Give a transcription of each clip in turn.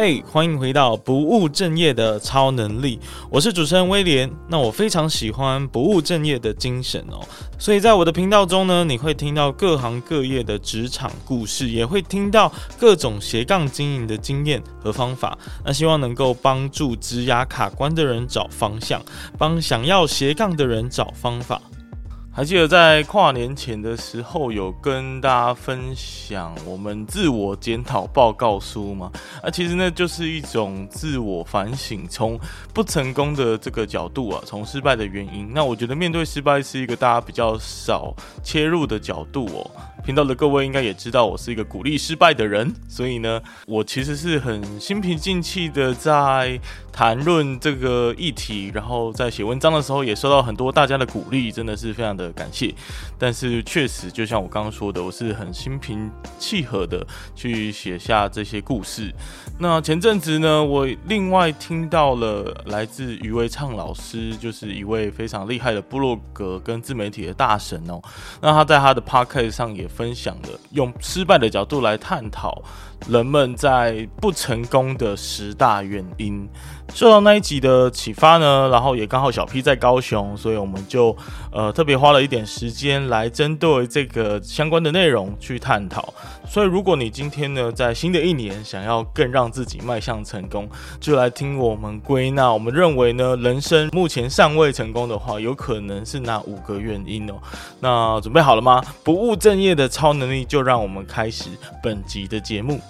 嘿、hey，歡迎回到不務正業的超能力，我是主持人威廉。那我非常喜歡不務正業的精神哦，所以在我的頻道中呢，你會聽到各行各業的職場故事，也會聽到各種斜槓經營的經驗和方法。那希望能夠幫助職涯卡關的人找方向，幫想要斜槓的人找方法。還記得在跨年前的時候，有跟大家分享我們自我檢討報告書嗎？啊，其實那就是一種自我反省，從不成功的這個角度啊，從失敗的原因。那我覺得面對失敗是一個大家比較少切入的角度哦、喔。頻道的各位應該也知道，我是一個鼓勵失敗的人，所以呢，我其實是很心平靜氣的在談論這個議題，然後在寫文章的時候也收到很多大家的鼓勵，真的是非常的感謝。但是確實，就像我剛剛說的，我是很心平氣和的去寫下這些故事。那前陣子呢，我另外聽到了來自於為暢老師，就是一位非常厲害的部落格跟自媒體的大神哦。那他在他的 Podcast 上也。分享的用失敗的角度來探討人們在不成功的十大原因。受到那一集的啟發呢，然後也剛好小 P 在高雄，所以我們就呃特別花了一點時間來針對這個相關的內容去探討。所以如果你今天呢在新的一年想要更讓自己邁向成功，就來聽我們歸納。我們認為呢，人生目前尚未成功的話，有可能是哪五個原因哦、喔？那準備好了嗎？不務正業的超能力，就讓我們開始本集的節目。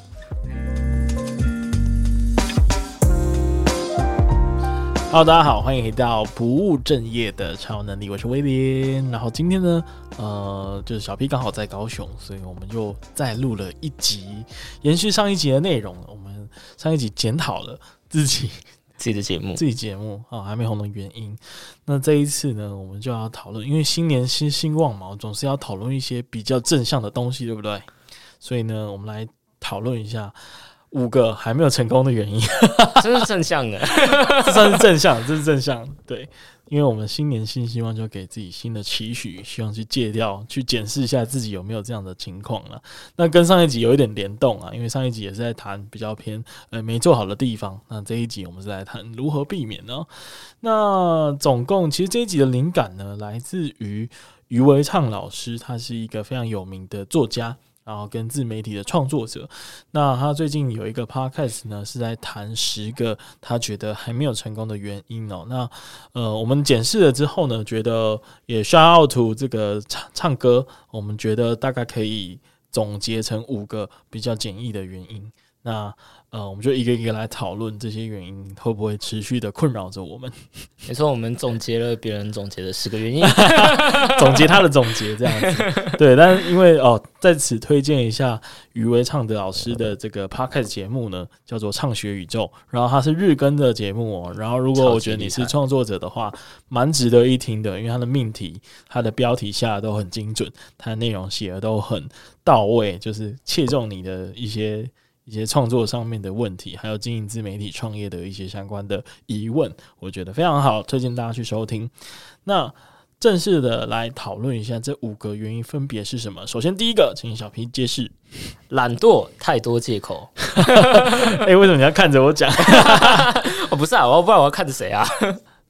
Hello，大家好，歡迎回到不務正業的超能力，我是威廉。然後今天呢，呃，就是小 P 剛好在高雄，所以我們就再錄了一集，延續上一集的內容。我們上一集檢討了自己自己的節目，自己節目啊、哦，還沒紅的原因。那這一次呢，我們就要討論，因為新年新興旺嘛，總是要討論一些比較正向的東西，對不對？所以呢，我們來討論一下。五個還沒有成功的原因，這是正向的， 這算是正向， 這是正向。對，因為我們新年新希望，就給自己新的期許，希望去戒掉，去檢視一下自己有沒有這樣的情況了。那跟上一集有一點聯動啊，因為上一集也是在談比較偏呃沒做好的地方，那這一集我們是來談如何避免呢、喔？那總共其實這一集的靈感呢，來自於於為暢老師，他是一個非常有名的作家。然後跟自媒體的創作者，那他最近有一個 podcast 呢，是在談十個他覺得還沒有成功的原因哦。那呃，我們檢視了之後呢，覺得也 shout out to 這個暢暢哥，我們覺得大概可以總結成五個比較簡易的原因。那呃，我們就一個一個來討論這些原因會不會持續的困擾着我們。沒錯，我們總結了別人總結的十個原因， 總結他的總結這樣子。 對，但是因為哦，在此推薦一下於為暢的老師的這個 Podcast 節目呢，叫做《暢學宇宙》，然後它是日更的節目。哦。然後，如果我覺得你是創作者的話，蠻值得一聽的，因為他的命題、他的標題下的都很精準，他的內容寫的都很到位，就是切中你的一些。一些創作上面的問題，還有經營自媒體創業的一些相關的疑問，我覺得非常好，推薦大家去收聽。那正式的來討論一下這五個原因分別是什麼？首先第一個，請小皮揭示：懶惰太多借口。哎、 欸，為什麼你要看着我講？我 不是啊，我不知道我要看着誰啊。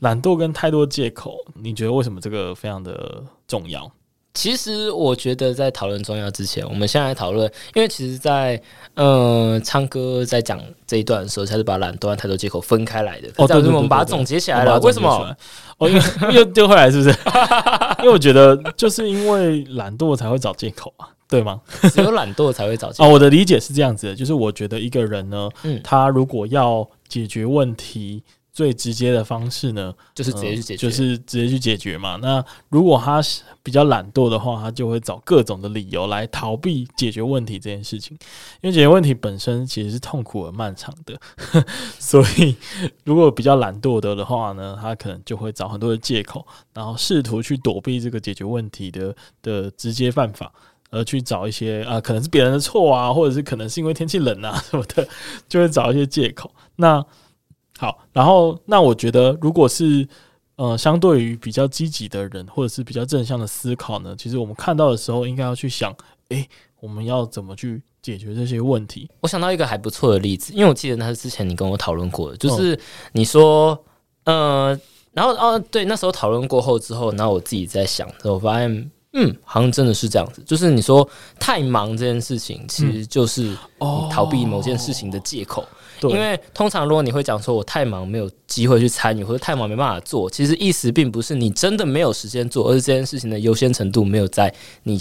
懶 惰跟太多借口，你覺得為什麼這個非常的重要？其實我覺得，在討論中藥之前，我們先來討論。因為其實在，在、呃、嗯，暢哥在講這一段的時候，才是把懶惰和太多借口分開來的。哦，對，我們把它總結、哦、對對對對對總結起來了。為什麼？哦，因為丟 回來是不是？ 因為我覺得，就是因為懶惰才會找借口啊，對嗎？ 只有懶惰才會找借口。哦，我的理解是這樣子的，就是我覺得一個人呢，嗯、他如果要解決問題。最直接的方式呢，就是直接去解決，呃、就是直接去解決嘛。那如果他是比較懶惰的話，他就會找各種的理由來逃避解決問題這件事情。因為解決問題本身其實是痛苦而漫長的， 所以如果比較懶惰的的話呢，他可能就會找很多的借口，然後試圖去躲避這個解決問題的的直接辦法，而去找一些啊、呃，可能是別人的錯啊，或者是可能是因為天氣冷啊什麼的，就會找一些借口。那好，然後那我覺得，如果是呃，相對於比較積極的人，或者是比較正向的思考呢，其實我們看到的時候，應該要去想，哎，我們要怎麼去解決這些問題？我想到一個還不錯的例子，因為我記得那是之前你跟我討論過的，就是你說，嗯、哦呃，然後哦，對，那時候討論過後之後，然後我自己在想，我發現。嗯，好像真的是這樣子。就是你說太忙這件事情，其實就是你逃避某件事情的借口。嗯，哦。對，因為通常如果你會講說我太忙，沒有機會去參與，或者太忙沒辦法做，其實意思並不是你真的沒有時間做，而是這件事情的優先程度沒有在你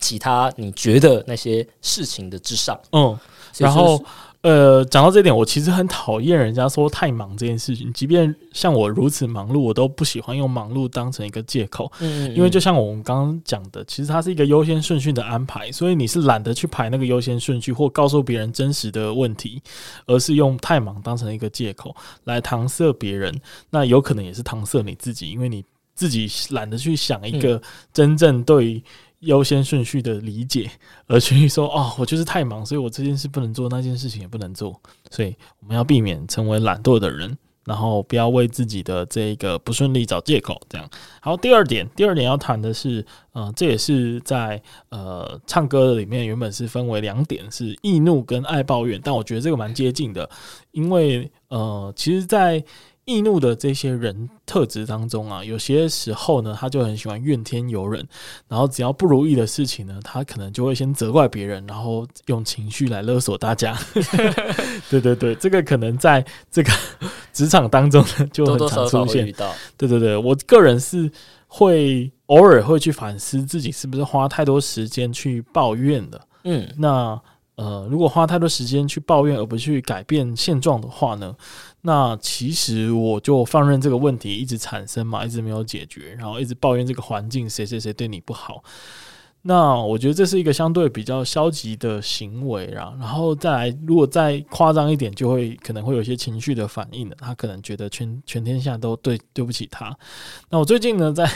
其他你覺得那些事情的之上。嗯，然後。呃，講到這點，我其實很討厭人家說太忙這件事情。即便像我如此忙碌，我都不喜歡用忙碌當成一個借口。嗯，嗯，嗯。因為就像我們剛剛講的，其實它是一個優先順序的安排，所以你是懶得去排那個優先順序，或告訴別人真實的問題，而是用太忙當成一個借口來搪塞別人，嗯。那有可能也是搪塞你自己，因為你自己懶得去想一個真正對於。優先順序的理解而去說哦，我就是太忙，所以我這件事不能做，那件事情也不能做。所以我們要避免成為懶惰的人，然後不要為自己的這個不順利找借口。這樣，好，第二點，第二點要談的是，呃，這也是在呃暢哥的裡面原本是分為兩點，是易怒跟愛抱怨，但我覺得這個蠻接近的，因為呃，其實，在易怒的這些人特質當中啊，有些時候呢，他就很喜歡怨天尤人，然後只要不如意的事情呢，他可能就會先責怪別人，然後用情緒來勒索大家。 對對對，這個可能在這個職場當中呢，就很常出現，多多少少我遇到。對對對，我個人是會偶爾會去反思自己是不是花太多時間去抱怨的。嗯，那。呃，如果花太多時間去抱怨而不去改變現狀的話呢，那其實我就放任這個問題一直產生嘛，一直沒有解決，然後一直抱怨這個環境，誰誰誰對你不好。那我覺得這是一個相對比較消極的行為，啊，然，然後再來，如果再誇張一點，就會可能會有些情緒的反應了。他可能覺得全全天下都對對不起他。那我最近呢，在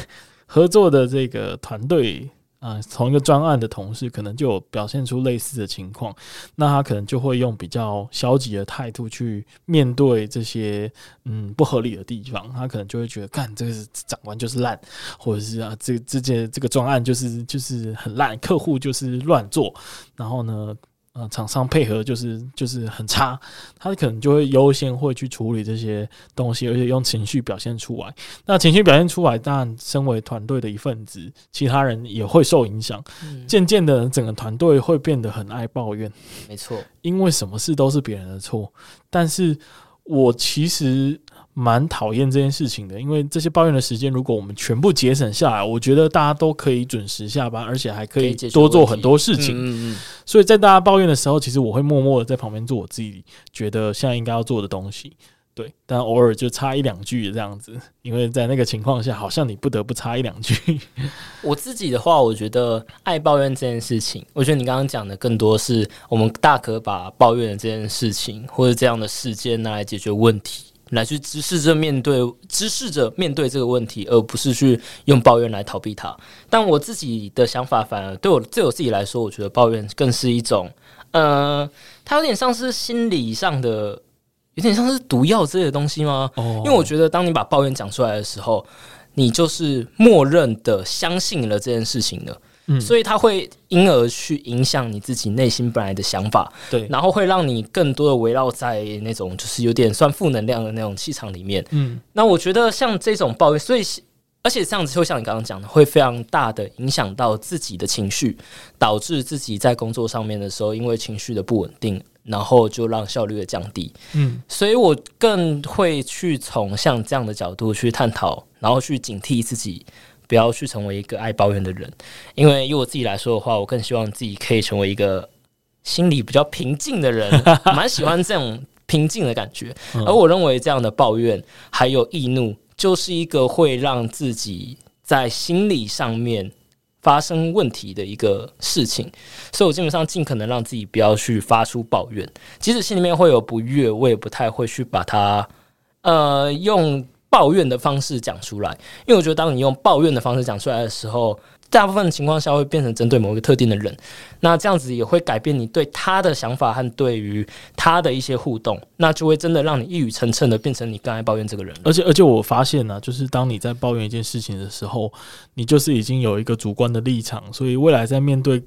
合作的這個團隊。啊，同一個專案的同事可能就表現出類似的情況，那他可能就會用比較消極的態度去面對這些嗯不合理的地方，他可能就會覺得，幹，這個長官就是爛，或者是啊，這這件這個專案就是就是很爛，客戶就是亂做，然後呢。呃，廠商配合就是就是很差，他可能就會優先會去處理這些東西，而且用情緒表現出來。那情緒表現出來，當然身為團隊的一份子，其他人也會受影響。嗯，漸漸的，整個團隊會變得很愛抱怨。沒錯，因為什麼事都是別人的錯。但是我其實。蠻討厭這件事情的，因為這些抱怨的時間，如果我們全部節省下來，我覺得大家都可以準時下班，而且還可以多做很多事情。所以在大家抱怨的時候，其實我會默默的在旁邊做我自己覺得現在應該要做的東西。對，但偶爾就插一兩句這樣子，因為在那個情況下，好像你不得不插一兩句。我自己的話，我覺得愛抱怨這件事情，我覺得你剛剛講的更多的是我們大可把抱怨的這件事情或者這樣的事件拿來解決問題。來去直視着面對，直視着面對這個問題，而不是去用抱怨來逃避它。但我自己的想法，反而對我對我自己來說，我覺得抱怨更是一種，呃，它有點像是心理上的，有點像是毒藥之類的東西嗎？Oh. 因為我覺得當你把抱怨講出來的時候，你就是默認的相信了這件事情的。嗯，所以它會因而去影響你自己內心本來的想法，對，然後會讓你更多的圍繞在那種就是有點算負能量的那種氣場裡面。嗯，那我覺得像這種抱怨，所以而且這樣子就像你剛剛講的，會非常大的影響到自己的情緒，導致自己在工作上面的時候，因為情緒的不穩定，然後就讓效率的降低。嗯，所以我更會去從像這樣的角度去探討，然後去警惕自己。不要去成為一個愛抱怨的人，因為以我自己來說的話，我更希望自己可以成為一個心裡比較平靜的人，蠻喜歡這種平靜的感覺。 而我認為這樣的抱怨還有易怒，就是一個會讓自己在心理上面發生問題的一個事情。所以，我基本上盡可能讓自己不要去發出抱怨，即使心裡面會有不悅，我也不太會去把它呃用。抱怨的方式講出來，因為我覺得，當你用抱怨的方式講出來的時候，大部分情況下會變成針對某一個特定的人，那這樣子也會改變你對他的想法和對於他的一些互動，那就會真的讓你一語成讖的變成你剛才抱怨這個人。而且，而且我發現呢、啊，就是當你在抱怨一件事情的時候，你就是已經有一個主觀的立場，所以未來在面對。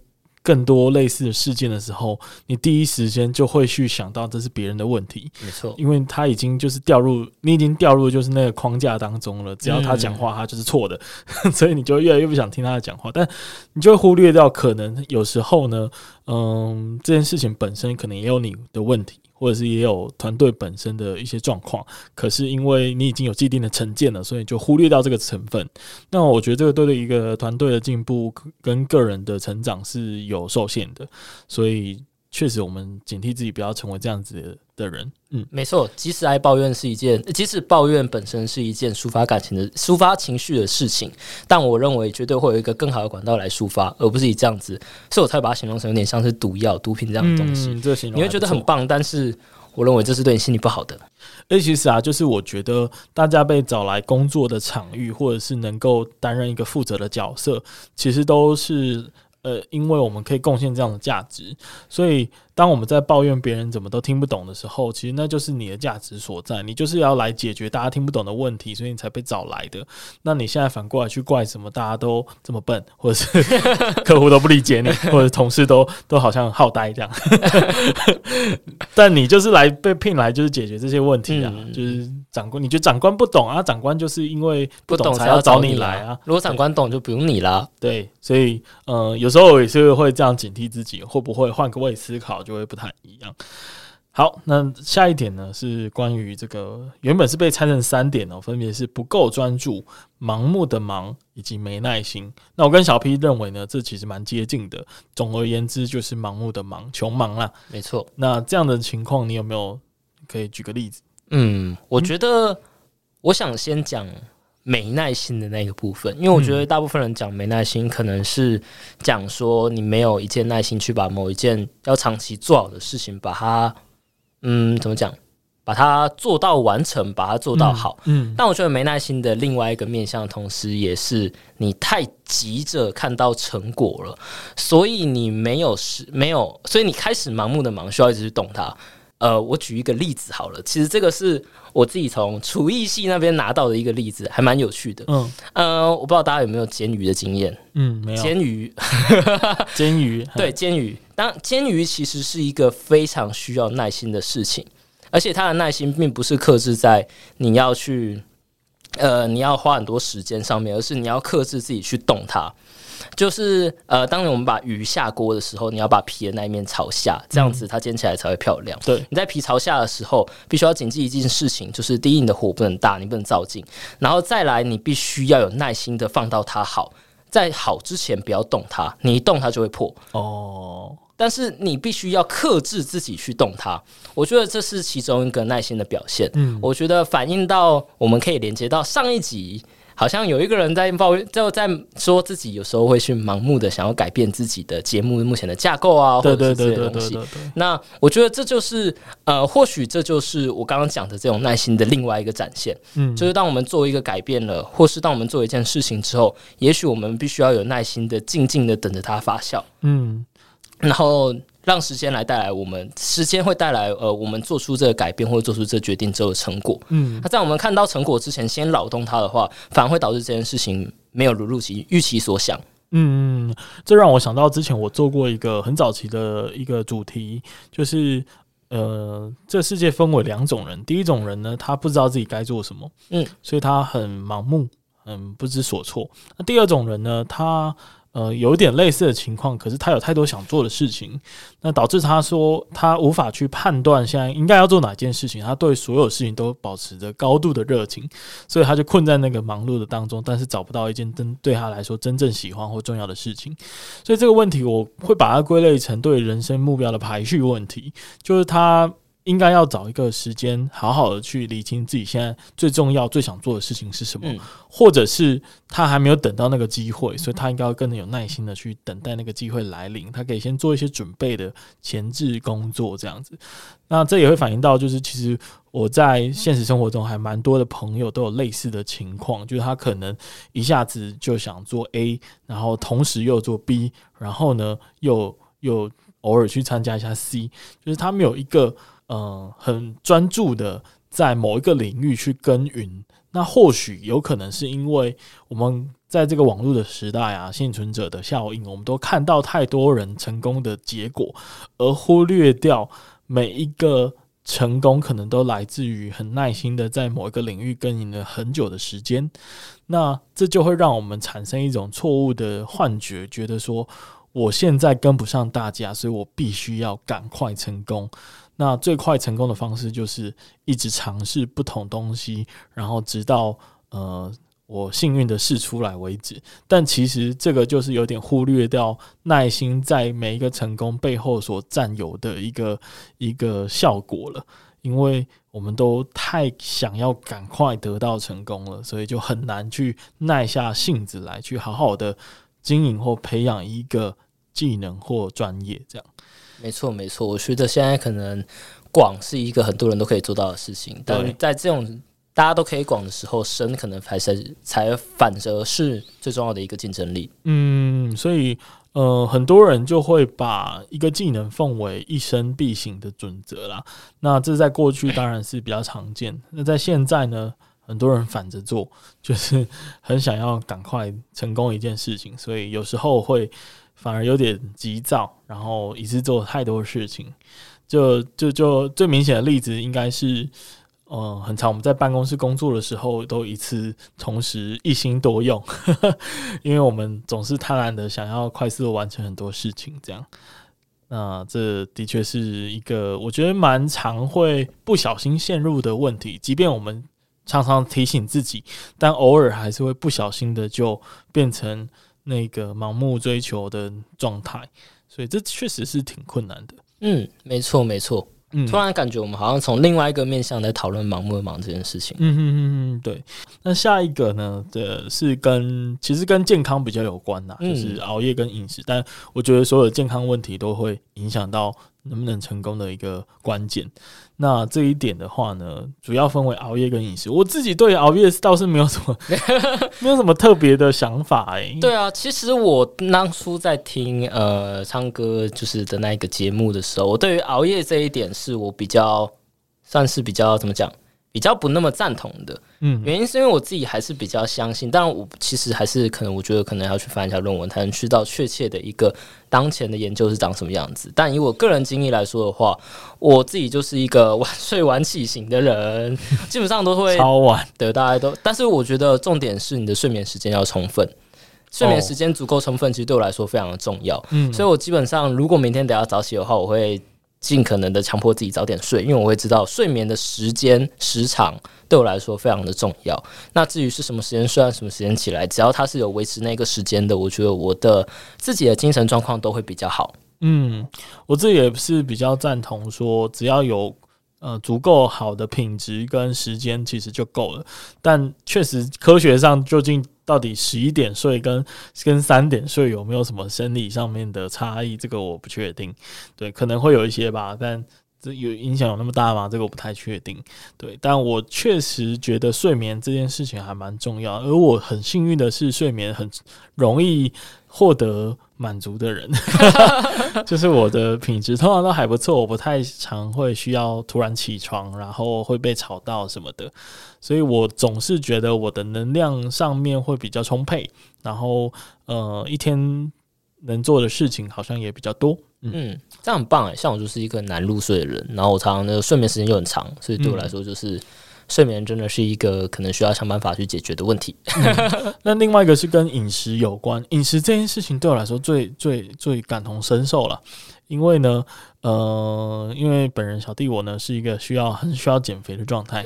更多類似的事件的時候，你第一時間就會去想到這是別人的問題，沒錯，因為他已經就是掉入你已經掉入就是那個框架當中了。只要他講話，他就是錯的。嗯， 所以你就越來越不想聽他講話，但你就會忽略掉可能有時候呢，嗯，這件事情本身可能也有你的問題。或者是也有團隊本身的一些狀況，可是因為你已經有既定的成見了，所以就忽略掉這個成分。那我覺得這個對，對一個團隊的進步跟個人的成長是有受限的，所以。確實，我們警惕自己不要成為這樣子的人。嗯，沒錯，即使愛抱怨是一件，即使抱怨本身是一件抒發感情的、抒發情緒的事情，但我認為絕對會有一個更好的管道來抒發，而不是以這樣子。所以我才會把它形容成有點像是毒藥、毒品這樣的東西。嗯、這個、形容，你會覺得很棒，但是我認為這是對你心理不好的。哎、欸，其實啊，就是我覺得大家被找來工作的場域，或者是能夠擔任一個負責的角色，其實都是。呃，因為我們可以貢獻這樣的價值，所以。當我們在抱怨別人怎麼都聽不懂的時候，其實那就是你的價值所在。你就是要來解決大家聽不懂的問題，所以你才被找來的。那你現在反過來去怪什麼？大家都這麼笨，或者是客戶都不理解你， 或者同事都 都好像好呆這樣。 但你就是來被聘來，就是解決這些問題啊、嗯，就是長官。你覺得長官不懂啊？長官就是因為不懂才要找你來啊。啊如果長官懂，就不用你了。嗯、對，所以嗯、呃，有時候我也是會這樣警惕自己，會不會換個位思考。就會不太一樣。好，那下一點呢，是關於這個原本是被拆成三點哦、喔，分別是不夠專注、盲目的忙以及沒耐心。那我跟小 P 認為呢，這其實蠻接近的。總而言之，就是盲目的忙、窮忙啦，沒錯。那這樣的情況，你有沒有可以舉個例子？嗯，我覺得我想先講。沒耐心的那個部分，因為我覺得大部分人講沒耐心，可能是講說你沒有一件耐心去把某一件要長期做好的事情，把它嗯，怎麼講，把它做到完成，把它做到好嗯。嗯，但我覺得沒耐心的另外一個面向，同時也是你太急着看到成果了，所以你沒有是沒有，所以你開始盲目的忙，需要一直去懂它。呃，我舉一個例子好了。其實這個是我自己從廚藝系那邊拿到的一個例子，還蠻有趣的。嗯，呃，我不知道大家有沒有煎魚的經驗？嗯，沒有。煎魚，煎 魚， 煎魚，對，煎魚。當然，煎魚其實是一個非常需要耐心的事情，而且它的耐心並不是克制在你要去，呃，你要花很多時間上面，而是你要克制自己去動它。就是呃，當我們把魚下鍋的時候，你要把皮的那一面朝下，這樣子它煎起來才會漂亮。嗯、對，你在皮朝下的時候，必須要謹記一件事情，就是第一，你的火不能大，你不能躁進，然後再來，你必須要有耐心的放到它好，在好之前不要動它，你一動它就會破。哦，但是你必須要克制自己去動它，我覺得這是其中一個耐心的表現。嗯，我覺得反映到我們可以連接到上一集。好像有一個人在抱怨，就在說自己有時候會去盲目的想要改變自己的節目目前的架構啊，對對對對對，或者是這些東西。那我覺得這就是呃，或許這就是我剛剛講的這種耐心的另外一個展現。嗯，就是當我們做一個改變了，或是當我們做一件事情之後，也許我們必須要有耐心的靜靜的等着它發酵。嗯，然後。讓時間來帶來我們，時間會帶來呃，我們做出這個改變或者做出這個決定之後的成果。嗯，那、啊、在我們看到成果之前，先擾動他的話，反而會導致這件事情沒有如，如其預期所想。嗯，這讓我想到之前我做過一個很早期的一個主題，就是呃，這世界分為兩種人，第一種人呢，他不知道自己該做什麼，嗯，所以他很盲目，很不知所措。那第二種人呢，他。呃，有點類似的情況，可是他有太多想做的事情，那導致他說他無法去判斷現在應該要做哪件事情。他對所有事情都保持着高度的熱情，所以他就困在那個忙碌的當中，但是找不到一件真對他來說真正喜歡或重要的事情。所以這個問題，我會把它歸類成對人生目標的排序問題，就是他。應該要找一個時間，好好的去理清自己現在最重要、最想做的事情是什麼，或者是他還沒有等到那個機會，所以他應該要更有耐心的去等待那個機會來臨。他可以先做一些準備的前置工作，這樣子。那這也會反映到，就是其實我在現實生活中還蠻多的朋友都有類似的情況，就是他可能一下子就想做 A，然後同時又做 B，然後呢又又偶爾去參加一下 C，就是他沒有一個。嗯、呃，很專注的在某一個領域去耕耘。那或許有可能是因為我們在這個網絡的時代啊，倖存者的效應，我們都看到太多人成功的結果，而忽略掉每一個成功可能都來自於很耐心的在某一個領域耕耘了很久的時間。那這就會讓我們產生一種錯誤的幻覺，覺得說我現在跟不上大家，所以我必須要趕快成功。那最快成功的方式就是一直嘗試不同東西，然後直到呃我幸運的試出來為止。但其實這個就是有點忽略掉耐心在每一個成功背後所占有的一個一個效果了，因為我們都太想要趕快得到成功了，所以就很難去耐下性子來去好好的經營或培養一個。技能或專業，這樣沒錯沒錯。我覺得現在可能廣是一個很多人都可以做到的事情，但在這種大家都可以廣的時候，深可能還是才反著是最重要的一個競爭力。嗯，所以呃，很多人就會把一個技能奉為一生必行的準則啦。那這在過去當然是比較常見，那在現在呢，很多人反着做，就是很想要趕快成功一件事情，所以有時候會。反而有點急躁，然後一次做太多事情，就就就最明顯的例子應該是，嗯、呃，很常我們在辦公室工作的時候，都一次同時一心多用， 因為我們總是貪婪的想要快速的完成很多事情，這樣。那、呃、這的確是一個我覺得蠻常會不小心陷入的問題，即便我們常常提醒自己，但偶爾還是會不小心的就變成。那個盲目追求的狀態，所以這確實是挺困難的。嗯，沒錯，沒錯、嗯。突然感覺我們好像從另外一個面向在討論“盲目”的忙這件事情。嗯嗯嗯嗯，對。那下一個呢？這是跟其實跟健康比較有關啦，就是熬夜跟飲食、嗯。但我覺得所有健康問題都會影響到。能不能成功的一個關鍵？那這一點的話呢，主要分為熬夜跟飲食。我自己對熬夜倒是沒有什麼，沒有什麼特別的想法哎、欸。 對啊，其實我當初在聽呃暢學就是的那一個節目的時候，我對於熬夜這一點是我比較算是比較怎麼講？比較不那麼贊同的原因，是因為我自己還是比較相信。但我其實還是可能，我覺得可能要去翻一下論文，才能知道確切的一個當前的研究是長什麼樣子。但以我個人經歷來說的話，我自己就是一個晚睡晚起型的人，基本上都會 超晚的。大家都，但是我覺得重點是你的睡眠時間要充分，睡眠時間足夠充分，其實對我來說非常的重要。所以，我基本上如果明天得要早起的話，我會。盡可能的強迫自己早點睡，因為我會知道睡眠的時間時長對我來說非常的重要。那至於是什麼時間睡，什麼時間起來，只要它是有維持那個時間的，我覺得我的自己的精神狀況都會比較好。嗯，我這也是比較贊同說，只要有。呃、嗯，足夠好的品質跟時間其實就夠了，但確實科學上究竟到底十一點睡跟跟三點睡有沒有什麼生理上面的差異，這個我不確定。對，可能會有一些吧，但這有影響有那麼大嗎？這個我不太確定。對，但我確實覺得睡眠這件事情還蠻重要，而我很幸運的是睡眠很容易獲得。滿足的人 就是我的品質通常都還不錯。我不太常會需要突然起床，然後會被吵到什麼的，所以我總是覺得我的能量上面會比較充沛，然後呃一天能做的事情好像也比較多。嗯，嗯這樣很棒誒。像我就是一個難入睡的人，然後我常常的睡眠時間又很長，所以對我來說就是、嗯。睡眠真的是一個可能需要想辦法去解決的問題。嗯。那另外一個是跟飲食有關，飲食這件事情對我來說最最最感同身受了，因為呢。呃，因為本人小弟我呢是一個需要很需要減肥的狀態。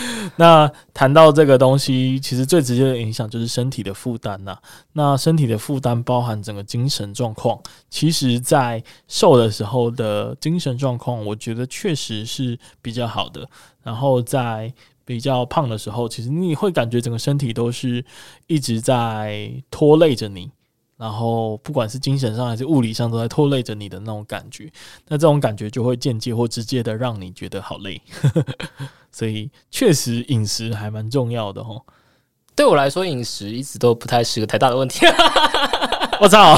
那談到這個東西，其實最直接的影響就是身體的負擔吶。那身體的負擔包含整個精神狀況。其實，在瘦的時候的精神狀況，我覺得確實是比較好的。然後在比較胖的時候，其實你會感覺整個身體都是一直在拖累着你。然後，不管是精神上還是物理上，都在拖累着你的那種感覺。那這種感覺就會間接或直接的讓你覺得好累。 所以，確實飲食還蠻重要的哈、哦。對我來說，飲食一直都不太是個太大的問題。我 操！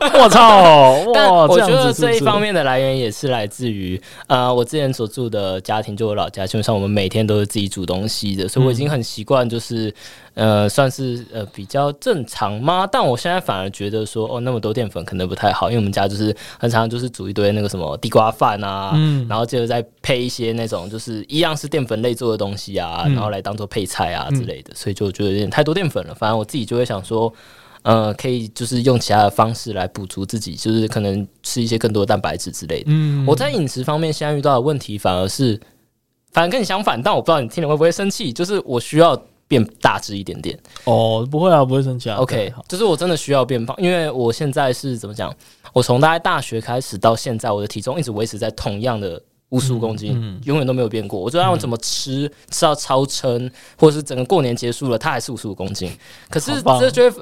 我操！但我覺得這一方面的來源也是來自於， 呃，我之前所住的家庭，就我老家，基本上我們每天都是自己煮東西的，所以我已經很習慣，就是、嗯、呃，算是呃比較正常嗎？但我現在反而覺得說，哦，那麼多澱粉可能不太好，因為我們家就是很常就是煮一堆那個什麼地瓜飯啊、嗯，然後接着再配一些那種就是一樣是澱粉類做的東西啊，然後來當做配菜啊之類的、嗯，所以就覺得有點太多澱粉了。反正我自己就會想說。呃，可以就是用其他的方式來補足自己，就是可能吃一些更多的蛋白質之類的。嗯，我在飲食方面現在遇到的問題反而是，反正跟你相反，但我不知道你聽了會不會生氣。就是我需要變大只一點點。哦，不會啊，不會生氣啊。OK，就是我真的需要變胖，因為我現在是怎麼講？我從大概大學開始到現在，我的體重一直維持在同樣的五十五公斤，嗯、永遠都沒有變過。嗯、我就讓我怎麼吃，吃到超撐、嗯，或是整個過年結束了，它還是五十五公斤。可是，這覺得。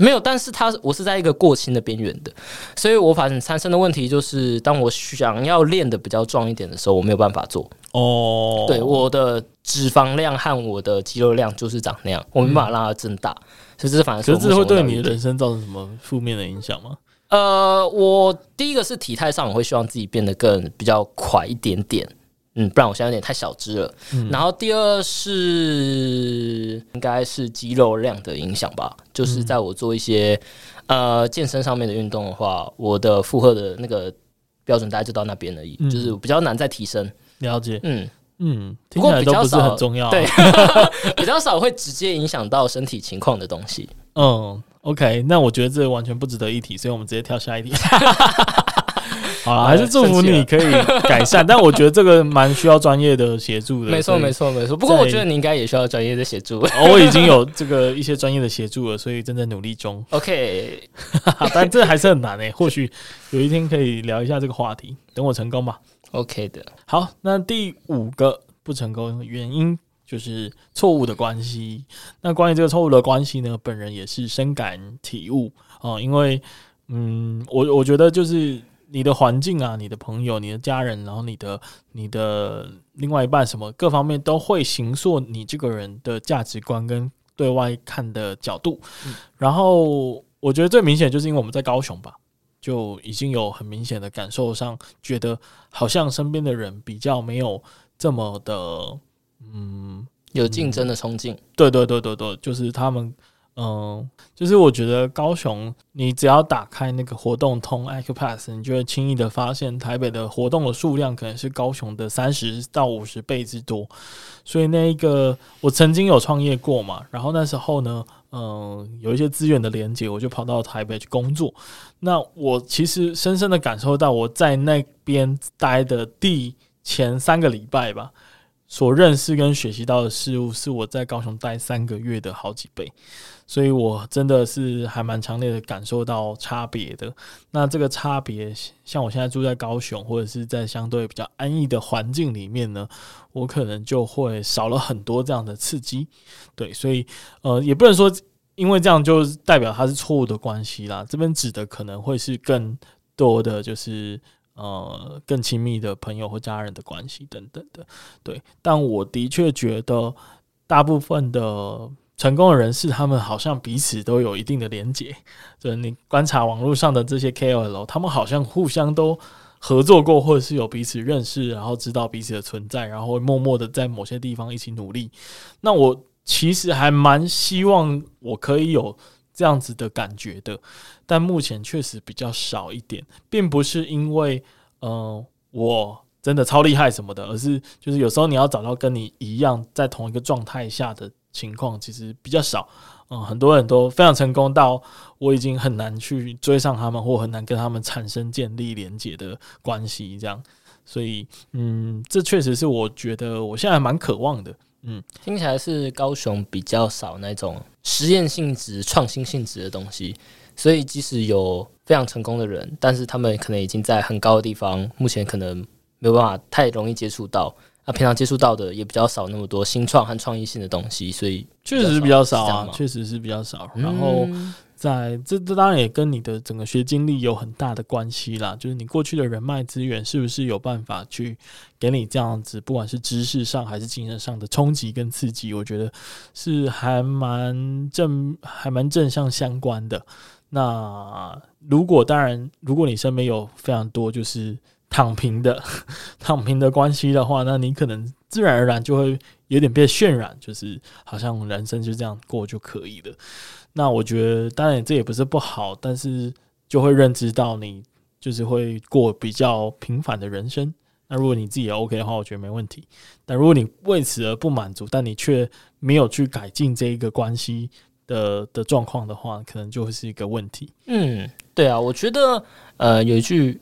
沒有，但是它我是在一個過輕的邊緣的，所以我反正產生的問題就是，當我想要練得比較壯一點的時候，我沒有辦法做。哦、oh.，對，我的脂肪量和我的肌肉量就是長那樣，我沒辦法讓它增大。其、嗯、實反正，其是這會對你的人生造成什麼負面的影響嗎？呃，我第一個是體態上，我會希望自己變得更比較垮一點點。嗯，不然我現在有點太小隻了，嗯。然後第二是應該是肌肉量的影響吧，就是在我做一些、嗯、呃健身上面的運動的話，我的負荷的那個標準大概就到那邊而已，嗯，就是比較難再提升。了解，嗯嗯，聽起來都不是很重要，啊，對， 比較少會直接影響到身體情況的東西。嗯，OK，那我覺得這完全不值得一提，所以我們直接跳下一題。 啊，還是祝福你可以改善，但我覺得這個蠻需要專業的協助的。沒錯，沒錯，沒錯。不過我覺得你應該也需要專業的協助。我已經有這個一些專業的協助了，所以正在努力中。OK，但這還是很難誒。或許有一天可以聊一下這個話題。等我成功吧。OK 的。好，那第五個不成功的原因就是錯誤的關係。那關於這個錯誤的關係呢，本人也是深感體悟啊，因為嗯，我我覺得就是。你的環境啊，你的朋友，你的家人，然後你的、你的另外一半，什麼各方面都會形塑你這個人的價值觀跟對外看的角度。嗯、然後我覺得最明顯的就是因為我們在高雄吧，就已經有很明顯的感受上，覺得好像身邊的人比較沒有這麼的，嗯，有競爭的衝勁。嗯、對，對對對對對，就是他們。嗯，就是我覺得高雄，你只要打開那個活動通 Accupass，你就會輕易的發現台北的活動的數量可能是高雄的三十到五十倍之多。所以那一個我曾經有創業過嘛，然後那時候呢，嗯，有一些資源的連接，我就跑到台北去工作。那我其實深深的感受到，我在那邊待的第前三個禮拜吧，所認識跟學習到的事物，是我在高雄待三個月的好幾倍。所以，我真的是還蠻強烈的感受到差別的。那這個差別，像我現在住在高雄，或者是在相對比較安逸的環境裡面呢，我可能就會少了很多這樣的刺激。對，所以呃，也不能說因為這樣就代表它是錯誤的關係啦。這邊指的可能會是更多的，就是呃，更親密的朋友或家人的關係等等的。對，但我的確覺得大部分的。成功的人士，他們好像彼此都有一定的連結。就是你觀察網絡上的這些 KOL，他們好像互相都合作過，或者是有彼此認識，然後知道彼此的存在，然後默默的在某些地方一起努力。那我其實還蠻希望我可以有這樣子的感覺的，但目前確實比較少一點，並不是因為嗯、呃、我真的超厲害什麼的，而是就是有時候你要找到跟你一樣在同一個狀態下的。情況其實比較少，嗯，很多人都非常成功，到我已經很難去追上他們，或很難跟他們產生建立連結的關係，這樣。所以，嗯，這確實是我覺得我現在還蠻渴望的。嗯，聽起來是高雄比較少那種實驗性質、創新性質的東西，所以即使有非常成功的人，但是他們可能已經在很高的地方，目前可能沒有辦法太容易接觸到。那、啊、平常接觸到的也比較少那麼多新創和創意性的東西，所以確實是比較少啊，確實是比較少。然後在這這當然也跟你的整個學經歷有很大的關係啦，就是你過去的人脈資源是不是有辦法去給你這樣子，不管是知識上還是精神上的衝擊跟刺激，我覺得是還蠻正還蠻正向相關的。那如果當然，如果你身邊有非常多就是。躺平的，躺平的關係的話，那你可能自然而然就會有點被渲染，就是好像人生就這樣過就可以了。那我覺得，當然這也不是不好，但是就會認知到你就是會過比較平凡的人生。那如果你自己也 OK 的話，我覺得沒問題。但如果你為此而不滿足，但你卻沒有去改進這一個關係的的狀況的話，可能就會是一個問題。嗯，對啊，我覺得呃有一句。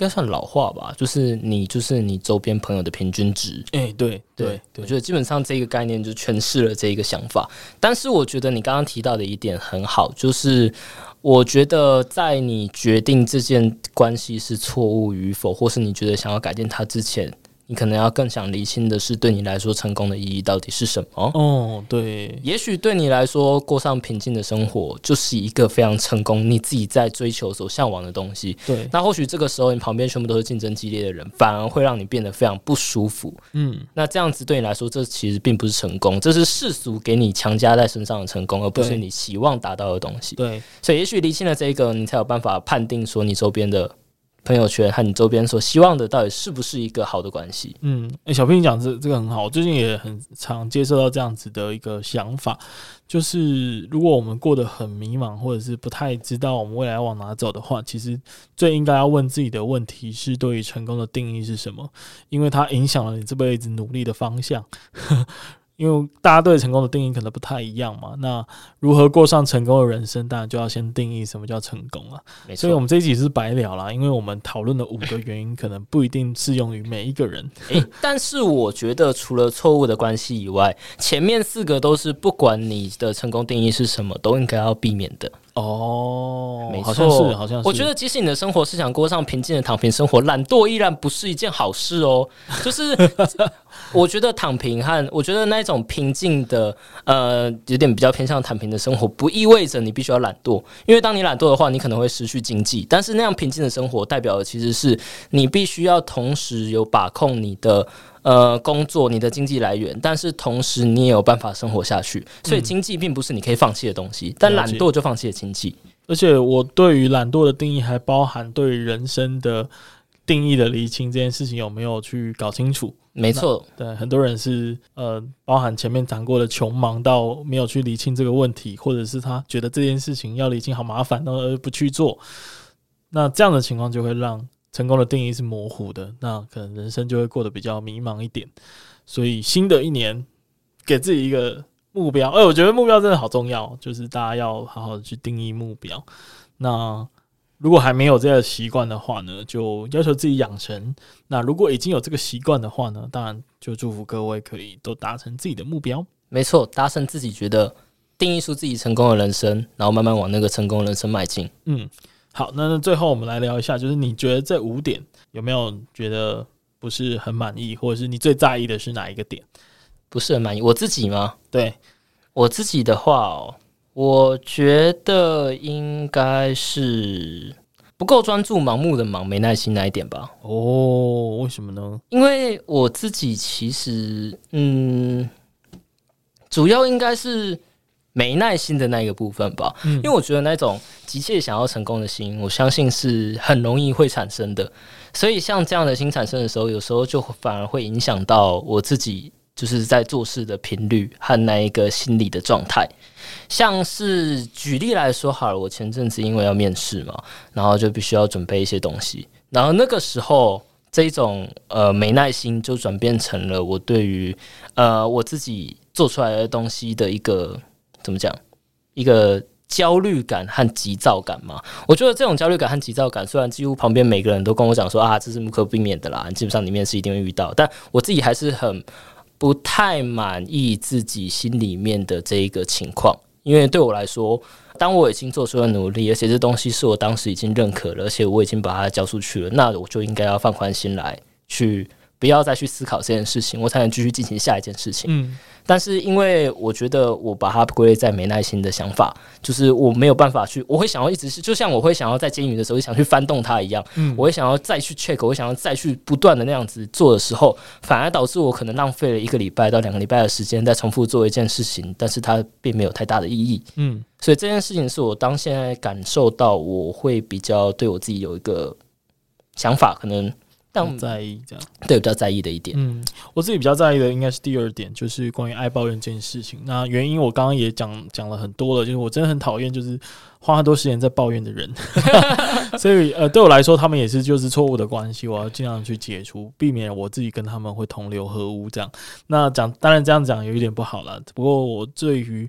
應該算老話吧，就是你就是你周邊朋友的平均值。誒、欸，對對，對，對，我覺得基本上這個概念就詮釋了這一個想法。但是我覺得你剛剛提到的一點很好，就是我覺得在你決定這件關係是錯誤與否，或是你覺得想要改變它之前。你可能要更想釐清的是，對你來說成功的意義到底是什麼？哦，對，也許對你來說，過上平靜的生活就是一個非常成功，你自己在追求所向往的東西。對，那或許這個時候，你旁邊全部都是競爭激烈的人，反而會讓你變得非常不舒服。嗯，那這樣子對你來說，這其實並不是成功，這是世俗給你強加在身上的成功，而不是你期望達到的東西。對，所以也許釐清了這一個，你才有辦法判定說你周邊的。朋友圈和你週邊所希望的到底是不是一個好的關係？嗯，欸、小平講這個、這個很好。我最近也很常接受到這樣子的一個想法，就是如果我們過得很迷茫，或者是不太知道我們未來往哪走的話，其實最應該要問自己的問題是：對於成功的定義是什麼？因為它影響了你這輩子努力的方向。呵呵因為大家對成功的定義可能不太一樣嘛，那如何過上成功的人生，當然就要先定義什麼叫成功了，啊。沒錯，所以我們這一集是白聊啦，因為我們討論的五個原因可能不一定適用於每一個人。誒、欸，但是我覺得除了錯誤的關係以外，前面四個都是不管你的成功定義是什麼，都應該要避免的。哦沒錯，好像是，好像是我覺得，即使你的生活是想過上平靜的躺平生活，懶惰依然不是一件好事哦。就是我覺得躺平和我覺得那種平靜的，呃，有點比較偏向躺平的生活，不意味着你必須要懶惰。因為當你懶惰的話，你可能會失去經濟。但是那樣平靜的生活，代表的其實是你必須要同時有把控你的。呃，工作，你的經濟來源，但是同時你也有辦法生活下去，嗯、所以經濟並不是你可以放棄的東西。嗯、但懶惰就放棄了經濟，而且我對於懶惰的定義還包含對人生的定義的釐清，這件事情有沒有去搞清楚？沒錯，對，很多人是呃，包含前面談過的窮忙到沒有去釐清這個問題，或者是他覺得這件事情要釐清好麻煩，然後而不去做，那這樣的情況就會讓。成功的定義是模糊的，那可能人生就會過得比較迷茫一點。所以新的一年，給自己一個目標。哎、欸，我覺得目標真的好重要，就是大家要好好去定義目標。那如果還沒有這樣的習慣的話呢，就要求自己養成。那如果已經有這個習慣的話呢，當然就祝福各位可以都達成自己的目標。沒錯，達成自己覺得定義出自己成功的人生，然後慢慢往那個成功的人生邁進。嗯。好，那最後我們來聊一下，就是你覺得這五點有沒有覺得不是很滿意，或者是你最在意的是哪一個點？不是很滿意我自己嗎？對我自己的話哦，我覺得應該是不夠專注、盲目的忙、沒耐心那一點吧。哦，為什麼呢？因為我自己其實嗯，主要應該是。沒耐心的那一個部分吧，嗯，因為我覺得那種急切想要成功的心，我相信是很容易會產生的。所以像這樣的心產生的時候，有時候就反而會影響到我自己，就是在做事的頻率和那一個心理的狀態。像是舉例來說好了，好，我前陣子因為要面試嘛，然後就必須要準備一些東西，然後那個時候這一種呃沒耐心就轉變成了我對於呃我自己做出來的東西的一個。怎麼講？一個焦慮感和急躁感嘛？我覺得這種焦慮感和急躁感，雖然幾乎旁邊每個人都跟我講說啊，這是不可避免的啦，基本上裡面是一定會遇到的，但我自己還是很不太滿意自己心裡面的這一個情況，因為對我來說，當我已經做出了努力，而且這東西是我當時已經認可了，而且我已經把它交出去了，那我就應該要放寬心來去。不要再去思考這件事情，我才能繼續進行下一件事情。嗯，但是因為我覺得我把它歸類在沒耐心的想法，就是我沒有辦法去，我會想要一直是，就像我會想要在監獄的時候想去翻動它一樣。嗯，我會想要再去 check，我想要再去不斷的那樣子做的時候，反而導致我可能浪費了一個禮拜到兩個禮拜的時間在重複做一件事情，但是它並沒有太大的意義。嗯，所以這件事情是我當現在感受到，我會比較對我自己有一個想法，可能。但我在意這樣，對我比較在意的一點，嗯，我自己比較在意的應該是第二點，就是關於愛抱怨這件事情。那原因我剛剛也講講了很多了，就是我真的很討厭，就是花很多時間在抱怨的人。 所以呃，對我來說，他們也是就是錯誤的關係，我要盡量去解除，避免我自己跟他們會同流合污這樣。那講，當然這樣講有一點不好了，不過我對於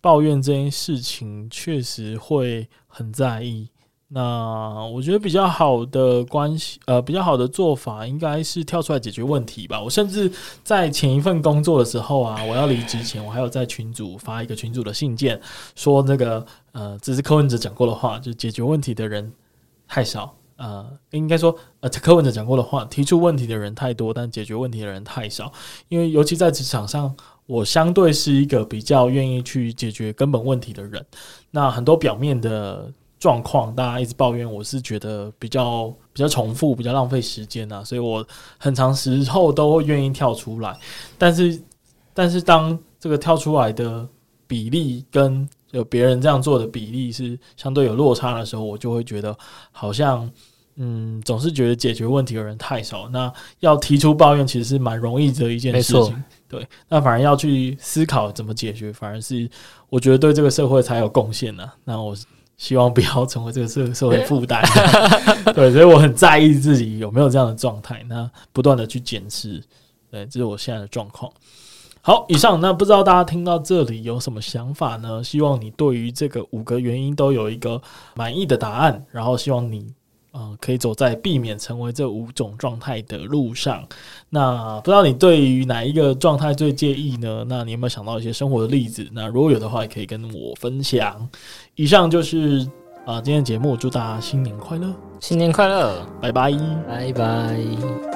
抱怨這件事情確實會很在意。那我覺得比較好的關係，呃，比較好的做法應該是跳出來解決問題吧。我甚至在前一份工作的時候啊，我要離職前，我還有在群組發一個群組的信件，說那個呃，這是柯文哲講過的話，就解決問題的人太少，呃，應該說呃，柯文哲講過的話，提出問題的人太多，但解決問題的人太少。因為尤其在職場上，我相對是一個比較願意去解決根本問題的人。那很多表面的。狀況，大家一直抱怨，我是覺得比較比較重複，比較浪費時間啊。所以我很長時候都會願意跳出來。但是，但是當這個跳出來的比例跟有別人這樣做的比例是相對有落差的時候，我就會覺得好像，嗯，總是覺得解決問題的人太少。那要提出抱怨其實是蠻容易的一件事情、嗯，對。那反而要去思考怎麼解決，反而是我覺得對這個社會才有貢獻呢。那我。希望不要成為這個社社會負擔，對，所以我很在意自己有沒有這樣的狀態，那不斷的去堅持，對，這是我現在的狀況。好，以上，那不知道大家聽到這裡有什麼想法呢？希望你對於這個五個原因都有一個滿意的答案，然後希望你。嗯、呃，可以走在避免成為這五種狀態的路上。那不知道你對於哪一個狀態最介意呢？那你有沒有想到一些生活的例子？那如果有的話，也可以跟我分享。以上就是啊、呃，今天的節目，祝大家新年快樂！新年快樂！拜拜！拜拜！